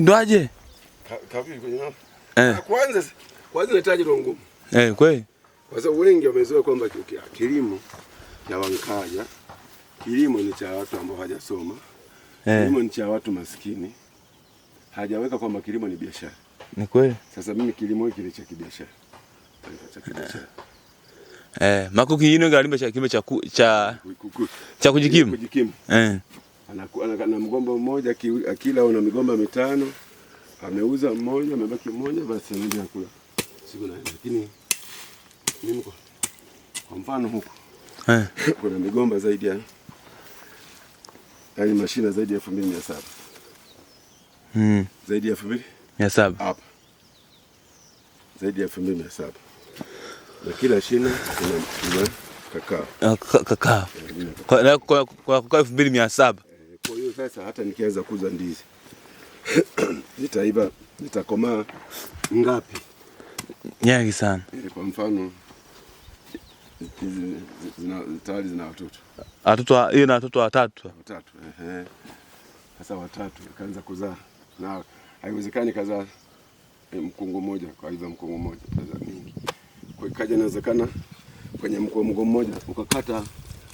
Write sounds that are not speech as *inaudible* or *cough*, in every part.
unashindwaje? Eh. Ah, kwanza kwanza inahitaji roho ngumu. Eh, kweli. Kwa sababu wengi wamezoea kwamba kilimo na wankaja kilimo ni cha watu ambao hajasoma Eh. Kilimo ni cha watu maskini. Hajaweka kwamba kilimo ni biashara. Ni kweli. Sasa mimi kilimo hiki ni cha kibiashara. Cha Eh, makuki yino galimba cha kilimo cha cha kujikimu. Kujikimu. Eh anakuwa na mgomba mmoja akila, una migomba mitano, ameuza mmoja, amebaki mmoja, basi anaenda kula siku na. Lakini mimi kwa mfano huko eh, *coughs* kuna migomba zaidi ya yani mashina zaidi ya elfu mbili mia saba mm, zaidi ya elfu mbili mia saba hapa, zaidi ya elfu mbili mia saba na kila shina kuna kakao ah, kakao, kwa kakao elfu mbili mia saba kwa hiyo sasa hata nikianza kuuza ndizi *clears throat* zitaiva, zitakomaa ngapi? Nyingi sana. Yaani kwa mfano tayari zina watoto watoto, hiyo na watoto watatu watatu. Ehe, sasa watatu kaanza kuzaa, na haiwezekani kazaa eh, mkungu mmoja, kwa mkungu mmoja kaza mingi, kwa inawezekana kwenye mkungu mmoja ukakata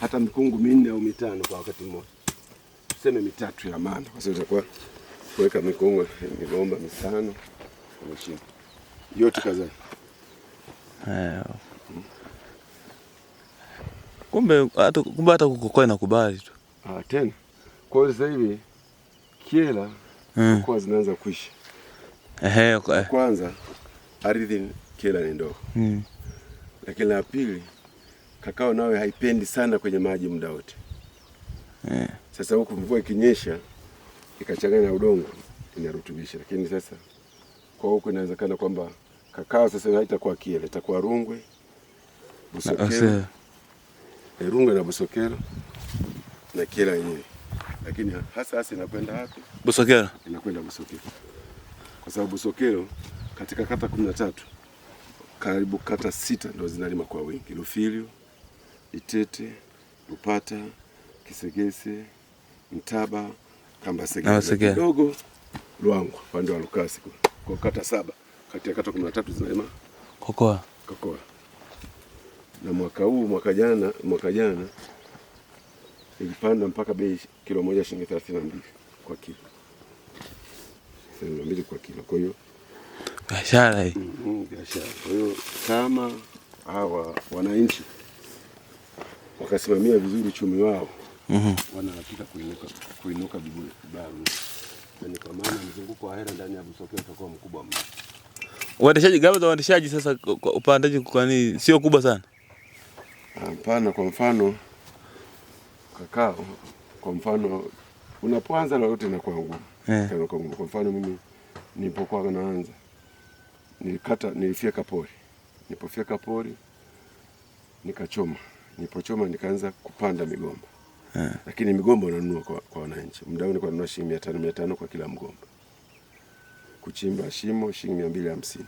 hata mikungu minne au mitano kwa wakati mmoja tuseme mitatu ya maana, kwa sababu itakuwa kuweka mikongo migomba mitano chini yote kazani. Eh, kumbe hata kumbe hata kukokoa inakubali tu ah, tena. Kwa hiyo sasa hivi kiela hmm. kwa zinaanza kuisha ehe. Eh. Kwanza ardhi kiela ni ndogo mm. lakini la pili kakao nawe haipendi sana kwenye maji muda wote yeah. Sasa huku mvua ikinyesha ikachanganya na udongo inarutubisha, lakini sasa kwa huku inawezekana kwamba kakao sasa haitakuwa Kiele, itakuwa Rungwe, Busokelo, eh, Rungwe na Busokelo na Kiela yenyewe, lakini hasa hasa inakwenda hapo busokero, inakwenda busokero kwa sababu busokero katika kata kumi na tatu karibu kata sita ndo zinalima kwa wingi: lufilio Itete, Lupata Kisegese, Mtaba, Kambasegese kidogo Luangwa, upande wa Lukasi, kwa kata saba kati ya kata kumi na tatu kokoa kokoa. Na mwaka huu mwaka jana mwaka jana ilipanda mpaka bei kilo moja shilingi thelathini na mbili kwa kilo thelathini na mbili kwa kilo. Kwa hiyo biashara hii mm-hmm, biashara. Kwa hiyo kama hawa wananchi wakasimamia vizuri uchumi wao mm -hmm. wanahakika kuinuka, kuinuka vibaru, na ni kwa maana mzunguko wa hela ndani ya Busokelo utakuwa mkubwa mno. Uendeshaji gharama za uendeshaji sasa kwa upandaji kwani sio kubwa sana? Hapana. Kwa mfano kakao, kwa mfano unapoanza lolote inakuwa ngumu yeah. Kwa mfano mimi nilipokuwa naanza nilikata, nilifyeka pori, nilipofyeka pori nikachoma, nilipochoma nikaanza kupanda migomba lakini migomba unanunua kwa, kwa wananchi. Mdau ni nunua shilingi mia tano mia tano kwa kila mgomba. Kuchimba shimo shilingi mia mbili hamsini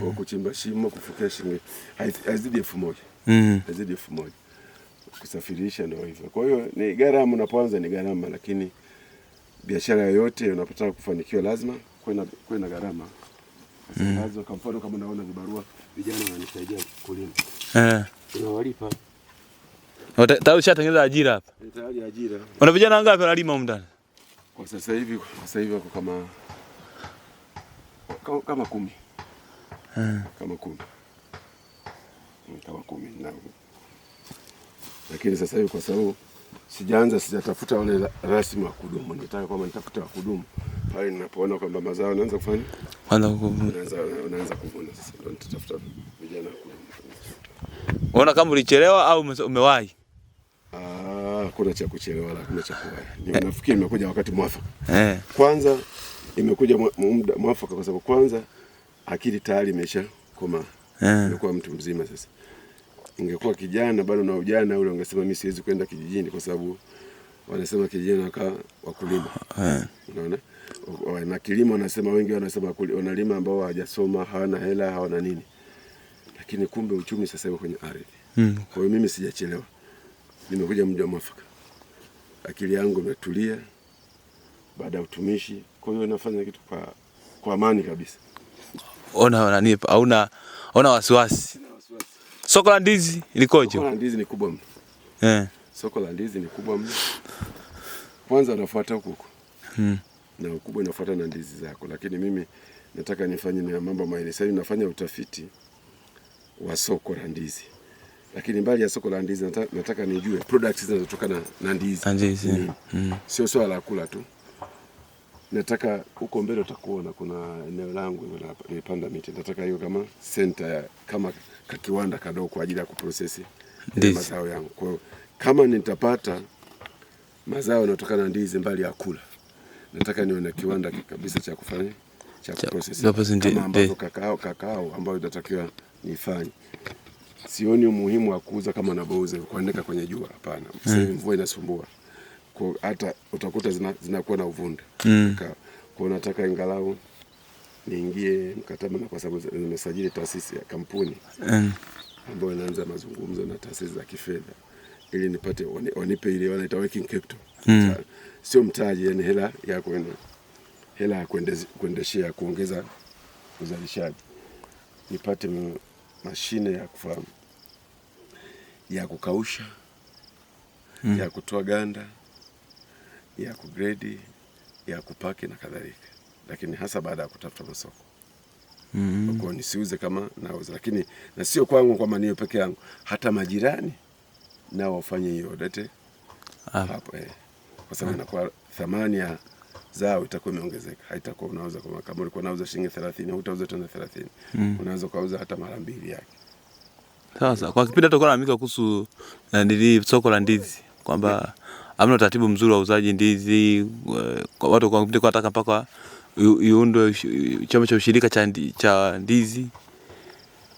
kwa kuchimba shimo kufikia shilingi haizidi elfu moja mm. haizidi elfu moja kusafirisha, ndio hivyo. Kwa hiyo ni gharama, unapoanza ni gharama, lakini biashara yoyote unapotaka kufanikiwa lazima kuwe na gharama mm. Kwa mfano kama unaona vibarua vijana wananisaidia kulima eh, unawalipa Tayari ushatengeneza ajira hapa? Tayari ajira. Una vijana wangapi wanalima huko ndani? Kwa sasa hivi, kwa sasa hivi wako kama kama kumi. Hmm. Kama kumi. Eh. Kama kumi na. Lakini sasa hivi kwa sababu sijaanza, sijatafuta wale rasmi wa kudumu. Nitaka kwamba nitafuta wa kudumu pale ninapoona kwamba mazao yanaanza kufanya. Kwanza kuvuna. Naanza kuvuna sasa ndio nitatafuta vijana wa kudumu. Unaona kama ulichelewa au umewahi? Ah, kuna cha kuchelewa na kuna cha kuwahi. Nafikiri imekuja wakati mwafaka. Eh. Kwanza imekuja muda mwafaka kwa sababu kwanza akili tayari imesha koma. Eh. Nikuwa mtu mzima sasa. Ingekuwa kijana bado na ujana ule ungesema mimi siwezi kwenda kijijini kwa sababu wanasema kijana waka wakulima. Eh. Unaona? Na kilimo wanasema wengi wanasema wanalima ambao hawajasoma, hawana hela, hawana nini lakini kumbe uchumi sasa hivi kwenye ardhi mm. Kwa hiyo mimi sijachelewa, nimekuja mja mwafaka, akili yangu imetulia baada ya utumishi. Kwa hiyo nafanya kitu kwa, kwa amani kabisa. Ona nani hauna ona wasiwasi. Soko la ndizi ilikoje? Soko la ndizi ni kubwa mno. Eh. Soko la ndizi ni kubwa mno. Kwanza nafuata huko huko. Mm. Na ukubwa inafuata na ndizi zako, lakini mimi nataka nifanye na mambo mawili. Sasa nafanya utafiti wa soko la ndizi. Lakini mbali ya soko la ndizi nataka, nataka nijue products zinazotokana na ndizi. Ndizi. Mm. Mm. Sio swala la kula tu. Nataka huko mbele utakuona kuna eneo langu nilipanda miti. Nataka hiyo kama center ya kama kakiwanda kadogo kwa ajili ya kuprocess ndizi mazao yangu. Kwa hiyo kama nitapata mazao yanayotokana na ndizi mbali ya kula, nataka niwe na kiwanda kabisa cha kufanya cha kuprocess. Kakao, kakao ambayo inatakiwa nifanye. Sioni umuhimu wa kuuza kama nabouza kuandika kwenye jua, hapana. Hmm. Sasa mvua inasumbua, kwa hata utakuta zinakuwa zina na uvunda mm. Kwa nataka ingalau niingie mkataba, na kwa sababu nimesajili taasisi ya kampuni mm. ambayo inaanza mazungumzo na taasisi za kifedha ili nipate wanipe ile wanaita working capital mm. sio mtaji, yani hela ya kwenda hela ya kuendeshea kuongeza uzalishaji nipate mashine ya kufahamu ya kukausha mm. ya kutoa ganda ya kugredi ya kupaki na kadhalika, lakini hasa baada ya kutafuta masoko mm -hmm. Kwa nisiuze kama nauza, lakini na sio kwangu kwamba niyo peke yangu, hata majirani nao wafanye hiyo odete ah. hapo eh, kwa sababu inakuwa thamani ya zao itakuwa imeongezeka, haitakuwa unauza kama kama ulikuwa unauza shilingi 30 hutauza tena 30 mm. unaweza kauza hata mara mbili yake. Sasa kwa kipindi hata kuna kuhusu nanili eh, soko la ndizi kwamba hamna utaratibu mzuri wa uzaji ndizi eh, kwa watu, kwa kipindi kwa taka mpaka iundwe chama cha ushirika cha ndi, cha ndizi.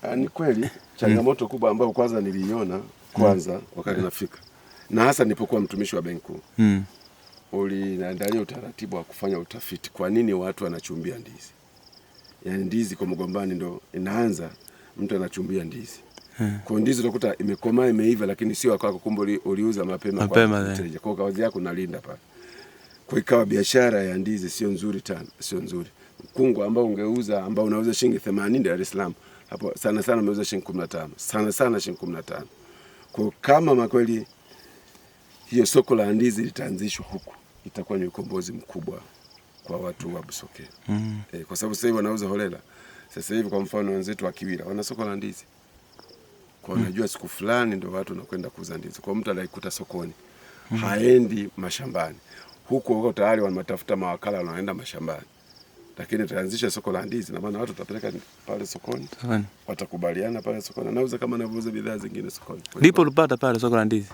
Ah, ni kweli changamoto kubwa ambayo kwanza niliiona kwanza mm. wakati nafika na hasa nilipokuwa mtumishi wa benki kuu mm uliandalia utaratibu wa kufanya utafiti, kwa nini watu wanachumbia ndizi? Yaani ndizi kwa mgombani ndo inaanza mtu anachumbia ndizi kwa ndizi utakuta imekomaa imeiva, lakini sio kwako, kumbe uliuza mapema kwa mteja, kwa kazi yako nalinda pale. Kwa ikawa biashara ya ndizi sio nzuri tena, sio nzuri. Mkungu ambao ungeuza ambao unauza shilingi 80 Dar es Salaam, hapo sana sana umeuza shilingi 15, sana sana shilingi 15. Kwa kama makweli hiyo soko la ndizi litaanzishwa huku itakuwa ni ukombozi mkubwa kwa watu wa Busoke mm. E, kwa sababu sasa hivi wanauza holela. Sasa hivi kwa mfano wenzetu wa Kiwira wana soko la ndizi kwa mm. Unajua siku fulani ndio watu wanakwenda kuuza ndizi, kwa mtu anaikuta sokoni mm. haendi mashambani huko wako tayari wanatafuta mawakala wanaenda mashambani, lakini tutaanzisha soko la ndizi, na maana watu watapeleka pale sokoni, watakubaliana pale sokoni, anauza kama anavyouza bidhaa zingine sokoni. Ndipo ulipata pale soko la ndizi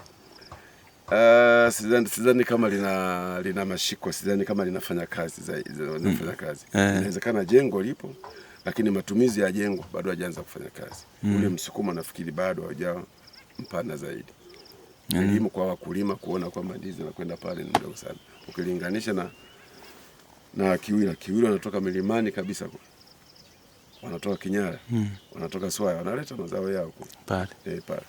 Uh, sidhani sidhani kama lina lina mashiko, sidhani kama linafanya kazi linafanya mm. kazi. Eh. Inawezekana mm. jengo lipo lakini matumizi ya jengo bado hajaanza kufanya kazi mm. Ule msukumo nafikiri bado haujawa mpana zaidi mm. Elimu kwa wakulima kuona kwamba ndizi nakwenda pale ni ndogo sana ukilinganisha na na Kiwira. Kiwira wanatoka milimani kabisa kwa wanatoka Kinyara mm. wanatoka Swaya wanaleta mazao yao pale eh, pale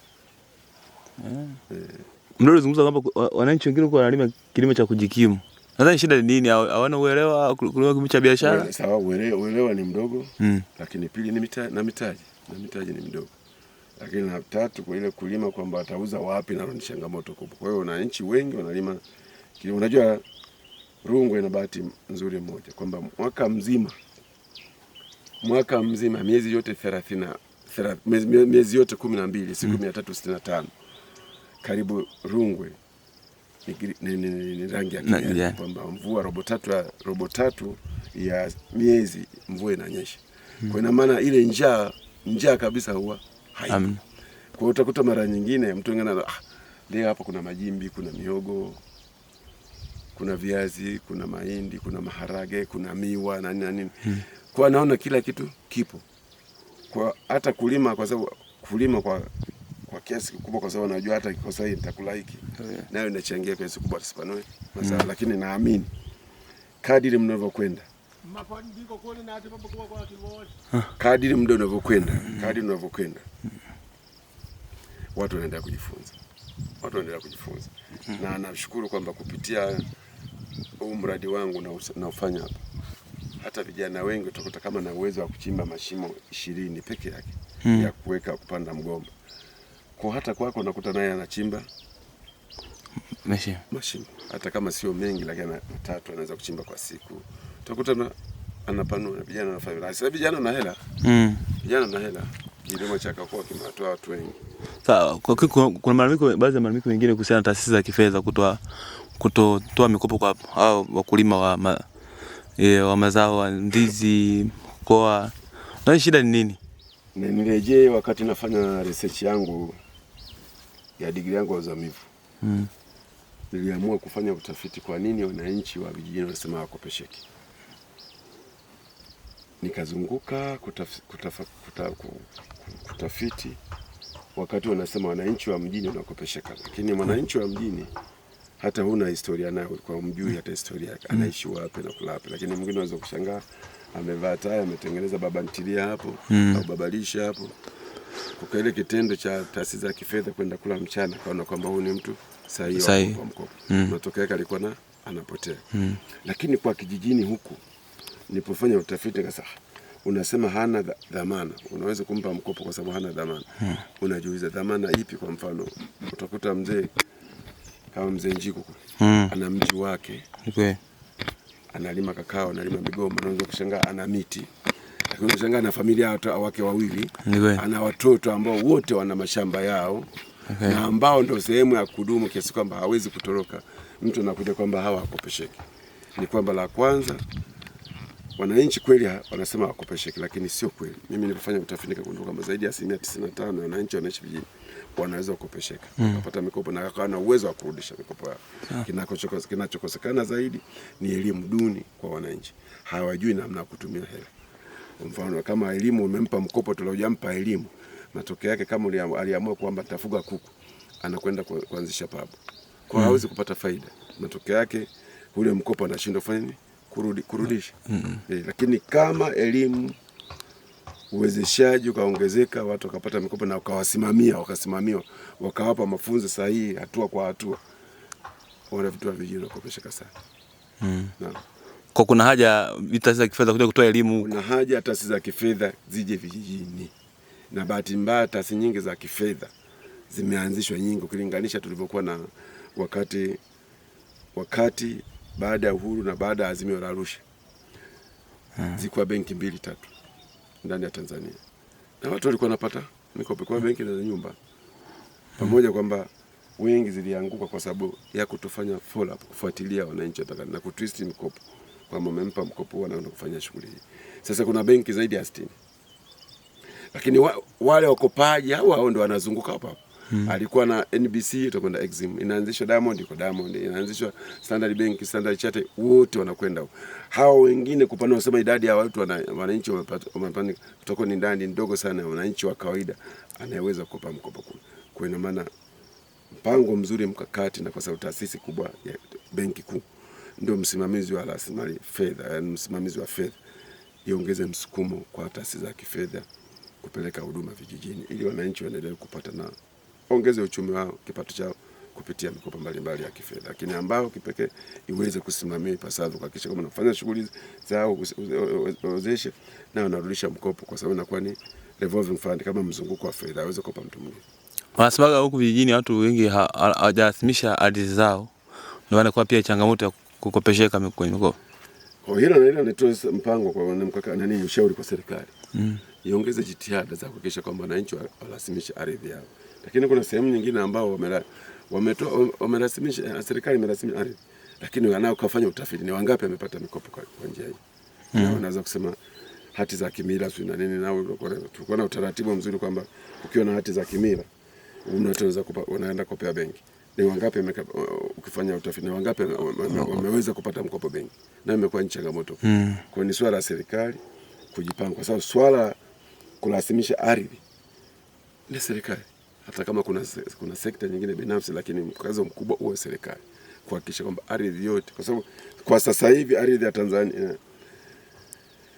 yeah. eh. eh mnalozungumza kwamba wananchi wengine huko wanalima kilimo cha kujikimu, nadhani shida ni nini? Hawana uelewa kulima kilimo cha biashara. Sawa, uelewa ni mdogo mm. Lakini pili ni mita, na mitaji na mitaji ni mdogo, lakini na tatu kwa ile kulima kwamba atauza wapi, nalo ni changamoto kubwa. Kwa hiyo wananchi wengi wanalima kilimo. Unajua Rungwe ina bahati nzuri moja kwamba mwaka mzima mwaka mzima miezi yote thelathini miezi yote kumi na mbili siku hmm. mia tatu sitini na tano mm karibu Rungwe ni, ni, ni, ni rangi ya kijani yeah. Kwamba mvua robo tatu ya robo tatu ya miezi mvua inanyesha hmm. Kwa ina maana ile njaa njaa kabisa huwa haipo Kwa hiyo utakuta mara nyingine mtu ngana ah, leo hapa kuna majimbi, kuna miogo, kuna viazi, kuna mahindi, kuna maharage, kuna miwa na nini na nini hmm. Kwa anaona kila kitu kipo, kwa hata kulima kwa sababu kulima kwa kiasi kikubwa, kwa sababu najua hata kikosa hii nitakula hiki yeah. Nayo inachangia kiasi kubwa tusipanue masaa mm. Lakini naamini kadiri mnavyokwenda kadiri muda unavyokwenda mm. kadiri unavyokwenda watu wanaendelea kujifunza, watu wanaendelea kujifunza mm. Na nashukuru kwamba kupitia huu mradi wangu naufanya hapa hata vijana wengi utakuta kama na uwezo wa kuchimba mashimo ishirini peke yake mm. ya kuweka kupanda mgomba kwa hata kwako nakuta naye anachimba mashimo mashimo, hata kama sio mengi, lakini matatu anaweza kuchimba kwa siku. Utakuta na anapanua, na vijana wanafanya kazi. Sasa vijana na hela mm, vijana na hela, kilimo cha kakao kimewatoa watu wengi. Sawa, kwa kuna, kuna malalamiko, baadhi ya malalamiko mengine kuhusiana na taasisi za kifedha kutoa kutotoa mikopo kwa hao wakulima wa ma, e, wa mazao wa ndizi mkoa. Na shida ni nini? Nirejee wakati nafanya research yangu ya digrii yangu ya uzamivu mm. niliamua kufanya utafiti, kwa nini wananchi wa vijijini wanasema wakopesheki. Nikazunguka kutaf, kutaf, kutaf, kutafiti wakati wanasema wananchi wa mjini wanakopesheka, lakini mwananchi wa mjini hata huna historia nayo, kwa mjui hata historia hmm. anaishi wapi na kula wapi, lakini mwingine anaweza kushangaa amevaa tai ametengeneza babantilia hapo mm. au babalisha hapo kwa ile kitendo cha taasisi za kifedha kwenda kula mchana, kaona kwamba huyu ni mtu sahihi kwa mkopo mm. matokeo yake alikuwa na anapotea mm. Lakini kwa kijijini huku nilipofanya utafiti kasa, unasema hana dhamana, unaweza kumpa mkopo kwa sababu hana dhamana mm. Unajiuliza dhamana ipi? Kwa mfano utakuta mzee kama mzee Njiko mm. ana mji wake okay. analima kakao, analima migomba, naweza kushangaa ana miti Shangaa na familia wake wawili, ana watoto ambao wote wana mashamba yao okay. na ambao ndio sehemu ya kudumu kiasi kwamba hawezi kutoroka mtu anakuja kwamba hawa hakopesheki. Ni kwamba la kwanza, wananchi kweli wanasema hawakopesheki, lakini sio kweli. Mimi nilifanya utafiti nikagundua kwamba zaidi ya asilimia 95 ya wananchi wanaishi vijijini wanaweza kukopesheka kupata mm. mikopo na akawa na uwezo wa kurudisha mikopo yao. Kinachokosekana zaidi ni elimu duni kwa wananchi, hawajui namna ya kutumia hela. Mfano kama elimu umempa mkopo, tuliojampa elimu, matokeo yake kama aliamua kwamba tafuga kuku, anakwenda kuanzisha pabu kwa mm. kupata faida, matokeo yake ule mkopo anashindwa kufanya kurudi, kurudisha mm -hmm. E, lakini kama elimu uwezeshaji ukaongezeka, watu wakapata mikopo na wakawasimamia, wakasimamiwa, wakawapa mafunzo sahihi hatua kwa hatua, wana vitu vijini wakopesheka sana mm kwa kuna haja taasisi za kifedha kuja kutoa elimu. Kuna haja taasisi za kifedha zije vijijini, na bahati mbaya taasisi nyingi za kifedha zimeanzishwa nyingi ukilinganisha tulivyokuwa na wakati wakati baada ya uhuru na baada ya azimio la Arusha hmm. Zikuwa benki mbili tatu ndani ya Tanzania na watu walikuwa wanapata mikopo kwa benki na nyumba pamoja, kwamba wengi zilianguka kwa sababu ya kutofanya follow up, kufuatilia wananchi na kutwist mikopo kwamba umempa mkopo huo anaenda kufanya shughuli hii. Sasa kuna benki zaidi ya 60. Lakini wa, wale wakopaji hao hao ndio wanazunguka hapo hapo. Hmm. Alikuwa na NBC itakwenda Exim, inaanzishwa Diamond iko Diamond, inaanzishwa Standard Bank, Standard Chartered, wote wanakwenda huko. Hao wengine kupana wasema idadi ya watu wana, wananchi wamepanda kutoka ni ndani ndogo sana, wananchi wa kawaida anayeweza kukopa mkopo kule. Kwa ina maana mpango mzuri mkakati, na kwa sababu taasisi kubwa ya benki kuu ndio msimamizi wa rasilimali fedha, yani msimamizi wa fedha, iongeze msukumo kwa taasisi za kifedha kupeleka huduma vijijini, ili wananchi waendelee kupata na ongeze uchumi wao, kipato chao kupitia mikopo mbalimbali ya kifedha, lakini ambao kipekee iweze kusimamia ipasavyo, kuhakikisha kama unafanya shughuli zao wezeshe na wanarudisha mkopo, kwa sababu inakuwa ni revolving fund, kama mzunguko wa fedha, aweze kukopa mtu mwingine. Wanasemaga huku vijijini watu wengi hawajathimisha ardhi zao, ndio maana kwa pia changamoto ya kukopesheka mikopo. Kwa oh, hilo na hilo nitoe mpango kwa mkaka nani ushauri kwa serikali. Mm. Iongeze jitihada za kuhakikisha kwamba wananchi walasimisha ardhi yao. Lakini kuna sehemu nyingine ambao wametoa wamerasimisha eh, serikali imerasimisha ardhi. Lakini wanao kafanya utafiti ni wangapi wamepata mikopo kwa njia hii. Mm. wanaweza kusema hati za kimila sio na nini nao tulikuwa na utaratibu mzuri kwamba ukiwa na hati za kimila unaweza kupa unaenda kopea benki ni wangapi ukifanya utafiti, ni wangapi wameweza kupata mkopo benki, na imekuwa ni changamoto mm. Kwa ni swala la serikali kujipanga, kwa sababu swala kulazimisha ardhi ni serikali, hata kama kuna, kuna sekta nyingine binafsi, lakini mkazo mkubwa uwe serikali kuhakikisha kwamba ardhi yote, kwa sababu kwa sasa hivi ardhi ya Tanzania,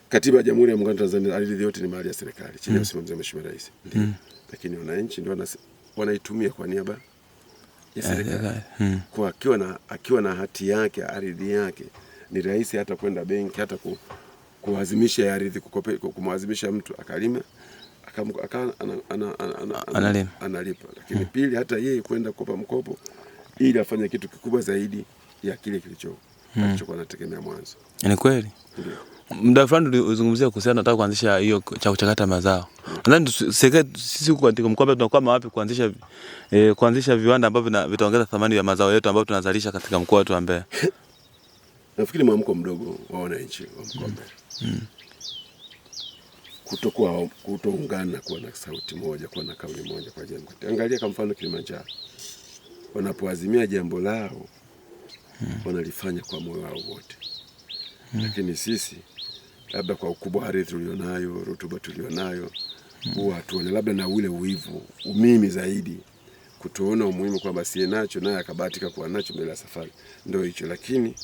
katiba ya Jamhuri ya Muungano wa Tanzania, ardhi yote ni mali ya serikali chini ya mm. usimamizi wa Mheshimiwa Rais hmm. lakini wananchi ndio wanaitumia kwa niaba ya serikali eh, eh, eh, hmm. Kwa akiwa na, akiwa na hati yake ardhi yake ni rahisi hata kwenda benki hata ku, kuazimisha ardhi kumwazimisha mtu akalima analipa, hmm. lakini pili hata yeye kwenda kukopa mkopo ili afanye kitu kikubwa zaidi ya kile kilichokuwa hmm. anategemea mwanzo. Ni kweli muda fulani tulizungumzia kuhusiana, nataka kuanzisha hiyo cha kuchakata mazao. Nadhani sisi huko katika mkoa tunakwama wapi kuanzisha eh, kuanzisha viwanda ambavyo vitaongeza thamani ya mazao yetu ambayo tunazalisha katika mkoa wetu wa Mbeya. Nafikiri mwamko mdogo wa wananchi wa mkoa wa Mbeya mm. kutokuwa kutoungana, kuwa na sauti moja, kuwa na kauli moja kwa jambo. Angalia kwa mfano Kilimanjaro, wanapoazimia jambo lao mm. wanalifanya kwa moyo wao wote, mm. lakini sisi labda kwa ukubwa ardhi tulionayo, rutuba tulionayo, huwa tuone labda na ule uivu, umimi zaidi kutoona umuhimu kwamba sie nacho naye akabahatika kuwa nacho mbele ya safari, ndio hicho. Lakini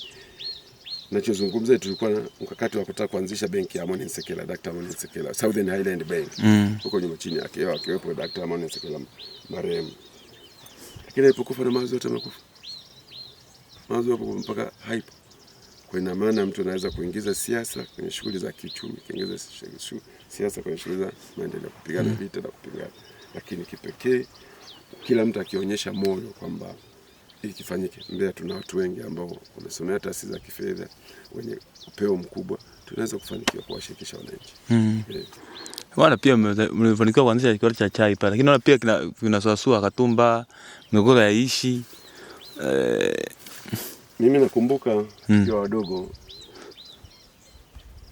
nachozungumza tulikuwa na mkakati wa kutaka kuanzisha benki ya Amoni Nsekela, Dr. Amoni Nsekela, Southern Highland Bank mm. huko mm. nyuma chini yake akiwepo Dr. Amoni Nsekela marehemu, lakini alipokufa na mawazo yote makufa, mawazo yapo mpaka haipo kwa ina maana mtu anaweza kuingiza siasa kwenye shughuli za kiuchumi, kuingiza siasa kwenye shughuli za maendeleo, kupigana mm. vita na kupigana, lakini kipekee kila mtu akionyesha moyo kwamba hii kifanyike. Mbeya tuna watu wengi ambao wamesomea taasisi za kifedha, wenye upeo mkubwa, tunaweza kufanikiwa kuwashirikisha wananchi mm. yeah. Wana pia mlifanikiwa kuanzisha kiwanda cha chai pale, lakini wana pia kinasuasua Katumba, migogoro yaishi eh mimi nakumbuka tukiwa hmm. mm. wadogo,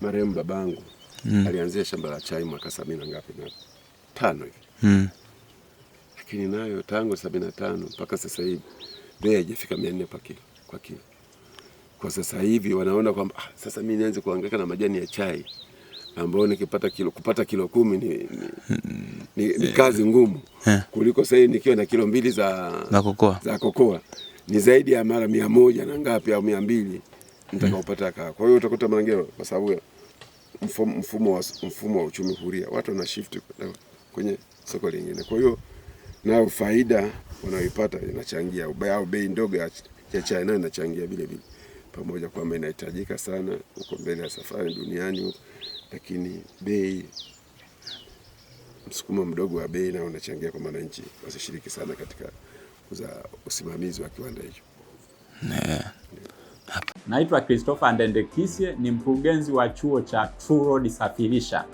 marehemu babangu mm. alianzia shamba la chai mwaka sabini na ngapi na tano hivi mm. lakini nayo tangu sabini na tano mpaka sasa hivi bei haijafika mia nne kwa kilo. Kwa sasa hivi wanaona kwamba ah, sasa mimi nianze kuhangaika na majani ya chai ambayo nikipata kilo kupata kilo kumi ni, ni, ni, ni hmm. kazi ngumu eh. kuliko sasa hivi nikiwa na kilo mbili za, za kokoa, za kokoa ni zaidi ya mara mia moja na ngapi au mia mbili ntakaopata kaa. Kwa hiyo utakuta Marangero kwa sababu mfumo wa mfumo wa uchumi huria watu wana shift kwenye soko lingine, kwa hiyo nayo faida wanayoipata inachangia, au bei ndogo ya chai nayo inachangia vile vile, pamoja kwamba inahitajika sana huko mbele ya safari duniani, lakini bei msukumo mdogo wa bei nao unachangia kwa wananchi wasishiriki sana katika za usimamizi wa kiwanda hicho. Naitwa Christopher Ndendekisye, ni mkurugenzi wa chuo cha True Road Safirisha.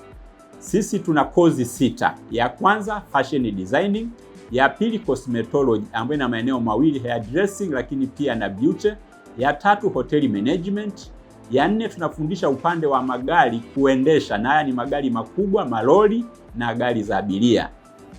Sisi tuna kozi sita. Ya kwanza fashion designing, ya pili cosmetology ambayo ina maeneo mawili hair dressing, lakini pia na beauty. Ya tatu hotel management. Ya nne tunafundisha upande wa magari kuendesha, na haya ni magari makubwa, malori na gari za abiria